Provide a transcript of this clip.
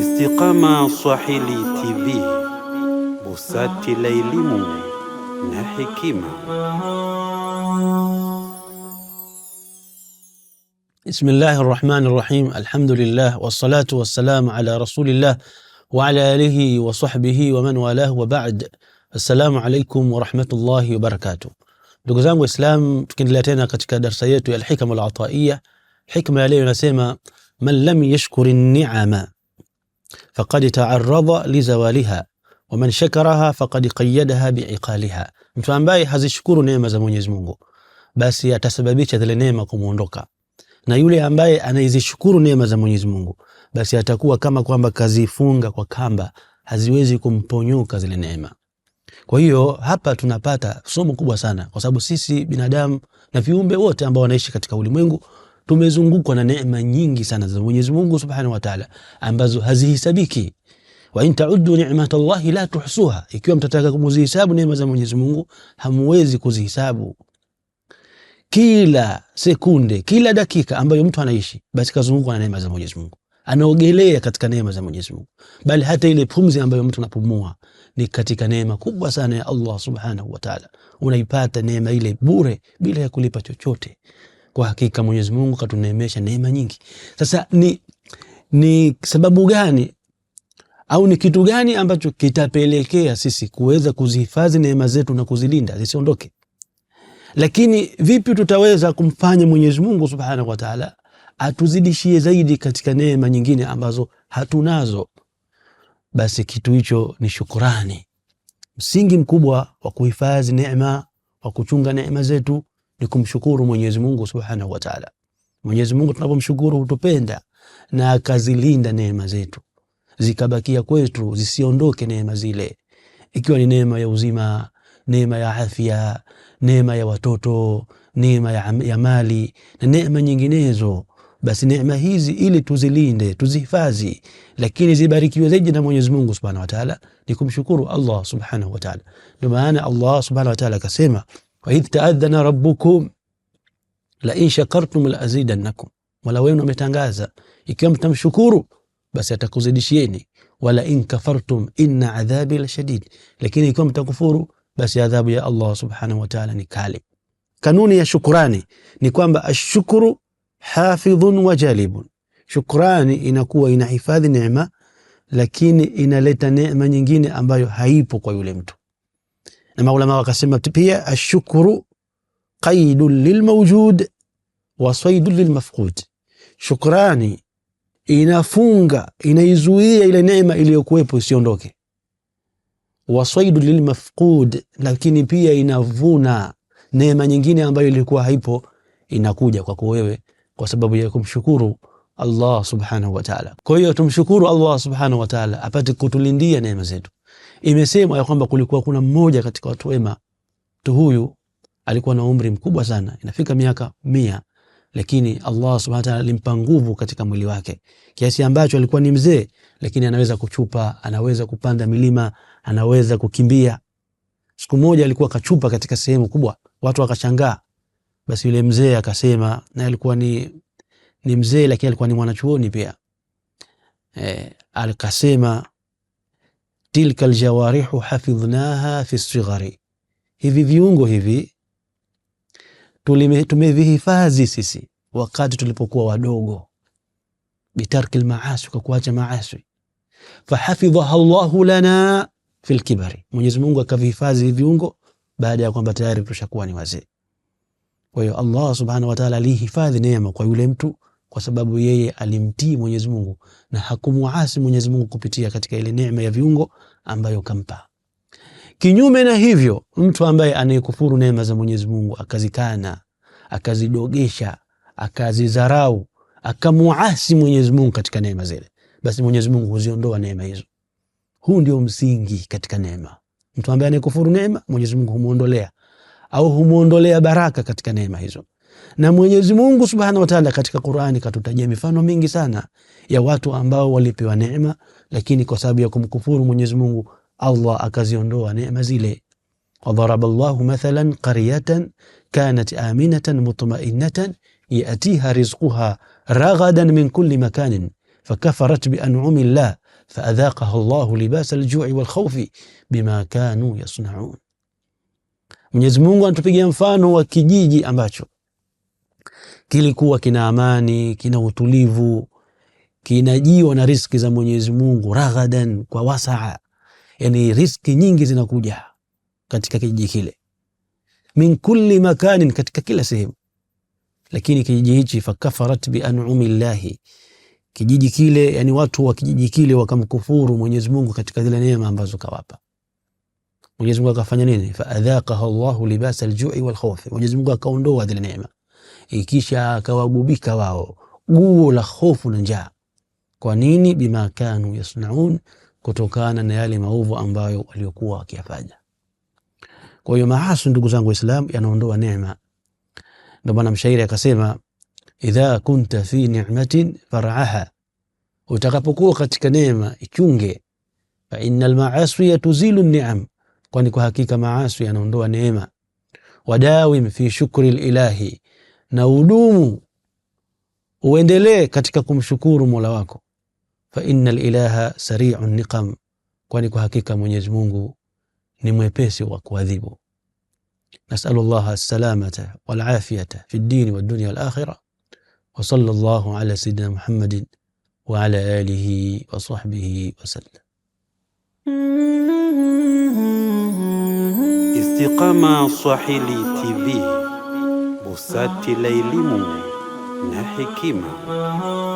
Istiqama Swahili TV, busati la elimu na hekima. Bismillahi rahmani rahim, alhamdulillah wassalatu wassalamu ala rasulillah wa ala alihi wa sahbihi wa man walahu wa ba'd. Assalamu alaikum warahmatullahi wabarakatuh. Ndugu zangu Waislamu, tukiendelea tena katika darsa yetu ya Alhikam Alataiya hikma ya leo inasema man lam yashkuri ni'ama faqad ta'arrada lizawaliha wa man shakaraha faqad qayyadaha bi'iqaliha, mtu ambaye hazishukuru neema za Mwenyezi Mungu basi atasababisha zile neema kumuondoka, na yule ambaye anaizishukuru neema za Mwenyezi Mungu basi atakuwa kama kwamba kazifunga kwa kamba, haziwezi kumponyoka zile neema. Kwa hiyo hapa tunapata somo kubwa sana, kwa sababu sisi binadamu na viumbe wote ambao wanaishi katika ulimwengu tumezungukwa na neema nyingi sana za Mwenyezi Mungu Subhanahu wa Ta'ala ambazo hazihisabiki. Wa in ta'uddu ni'matallahi la tuhsuha, ikiwa mtataka kumuzihisabu neema za Mwenyezi Mungu hamwezi kuzihisabu. Kila sekunde, kila dakika ambayo mtu anaishi, basi kazungukwa na neema za Mwenyezi Mungu, anaogelea katika neema za Mwenyezi Mungu, bali hata ile pumzi ambayo mtu anapumua ni katika neema kubwa sana ya Allah Subhanahu wa Ta'ala. Unaipata neema ile bure bila ya kulipa chochote kwa hakika Mwenyezi Mungu katuneemesha neema nyingi. Sasa ni, ni sababu gani au ni kitu gani ambacho kitapelekea sisi kuweza kuzihifadhi neema zetu na kuzilinda zisiondoke? Lakini vipi tutaweza kumfanya Mwenyezi Mungu Subhanahu wa Ta'ala atuzidishie zaidi katika neema nyingine ambazo hatunazo? Basi kitu hicho ni shukurani. Msingi mkubwa wa kuhifadhi neema, wa kuchunga neema zetu ni kumshukuru Mwenyezi Mungu Subhanahu wa Ta'ala. Mwenyezi Mungu tunapomshukuru hutupenda na akazilinda neema zetu zikabakia kwetu zisiondoke neema zile, ikiwa ni neema ya uzima, neema ya afya, neema ya watoto, neema ya, ya mali na neema nyinginezo. Basi neema hizi ili tuzilinde, tuzihifadhi, lakini zibarikiwe zaidi na Mwenyezi Mungu Subhanahu wa Ta'ala ni kumshukuru Allah Subhanahu wa Ta'ala. Ndio maana Allah Subhanahu wa Ta'ala akasema waidh taadhana rabbukum lain shakartum la wala wenu ametangaza ikiwa mtamshukuru basi atakuzidishieni, wala in kafartum inna adhabi la lakini ikiwa mtakufuru basi adhabu ya Allah subhanahu wa ni kali. Kanuni ya shukrani ni kwamba ashukuru hafidhun wa jalibun, shukrani inakuwa inahifadhi neema, lakini inaleta neema nyingine ambayo haipo kwa yule mtu na maulama wakasema pia ashukuru qaidun lilmaujud wa saidun lilmafqud, shukrani inafunga inaizuia ile neema iliyokuwepo isiondoke. Wa saidun lilmafqud, lakini pia inavuna neema nyingine ambayo ilikuwa haipo inakuja kwako wewe kwa sababu ya kumshukuru Allah subhanahu wa ta'ala. Kwa hiyo tumshukuru Allah subhanahu wa ta'ala apate kutulindia neema zetu. Imesemwa ya kwamba kulikuwa kuna mmoja katika watu wema. Mtu huyu alikuwa na umri mkubwa sana, inafika miaka mia, lakini Allah subhanahu wa ta'ala alimpa nguvu katika mwili wake kiasi ambacho alikuwa ni mzee, lakini anaweza kuchupa, anaweza kupanda milima, anaweza kukimbia. Siku moja alikuwa kachupa katika sehemu kubwa, watu wakashangaa. Basi yule mzee akasema, na alikuwa ni ni mzee, lakini alikuwa ni mwanachuoni pia e, eh, alikasema tilka aljawarihu hafidhnaha fi sighari, hivi viungo hivi tumevihifadhi sisi wakati tulipokuwa wadogo, bitarki lmaaswi kwa kuacha maasi. Fahafidhaha llahu lana fi lkibari, Mwenyezi Mungu akavihifadhi hivi viungo baada ya kwamba tayari tushakuwa ni wazee. Kwa hiyo Allah subhanahu wa ta'ala alihifadhi neema kwa yule mtu kwa sababu yeye alimtii Mwenyezi Mungu na hakumuasi Mwenyezi Mungu kupitia katika ile neema ya viungo ambayo kampa. Kinyume na hivyo, mtu ambaye anayekufuru neema za Mwenyezi Mungu akazikana, akazidogesha, akazidharau, akamuasi Mwenyezi Mungu katika neema zile, basi Mwenyezi Mungu huziondoa neema hizo. Huu ndio msingi katika neema. Mtu ambaye anayekufuru neema, Mwenyezi Mungu humuondolea au humuondolea baraka katika neema hizo. na Mwenyezi Mungu Subhanahu wa Ta'ala katika Qur'ani katutajia mifano mingi sana ya watu ambao walipewa neema, lakini kwa sababu ya kumkufuru Mwenyezi Mungu Allah akaziondoa neema zile. Wadharaba Allahu mathalan qaryatan kanat aminatan mutma'innatan yatiha rizquha ragadan min kulli makanin fakafarat bi an'ami Allah faadhaqaha Allahu libasa al-ju'i wal khawfi bima kanu yasna'un. Mwenyezi Mungu anatupigia mfano wa kijiji ambacho kilikuwa kina amani, kina utulivu, kinajiwa na riski za Mwenyezi Mungu raghadan, kwa wasaa, yani riski nyingi zinakuja katika kijiji kile, min kulli makanin, katika kila sehemu. Lakini kijiji hichi fakafarat bi an'ami llahi, kijiji kile, yani watu wa kijiji kile wakamkufuru Mwenyezi Mungu katika zile neema ambazo kawapa Mwenyezi Mungu akafanya nini? Faadhaqaha Allahu libasa aljui wal khawf, Mwenyezi Mungu akaondoa zile neema Eh, kisha akawagubika wao guo la hofu na njaa. Kwa nini? Bima kanu yasnaun, kutokana na yale maovu ambayo waliokuwa wakiyafanya. Kwa hiyo maasi, ndugu zangu Waislam, yanaondoa neema. Ndio maana mshairi akasema, idha kunta fi ni'matin far'aha, utakapokuwa katika neema ichunge. Fa innal ma'asi tuzilu ni'am, kwani kwa hakika maasi yanaondoa neema. Wadawim fi shukri lilahi na udumu, uendelee katika kumshukuru Mola wako. Fa innal ilaha sari'u niqam, kwani kwa hakika Mwenyezi Mungu ni mwepesi wa kuadhibu. Nasalu llaha salamata wal afiyata fi ddini wad dunya wal akhirah wa sallallahu ala sayidina Muhammadin wa ala alihi wa sahbihi wa sallam. Istiqama Swahili TV busati la elimu na hekima.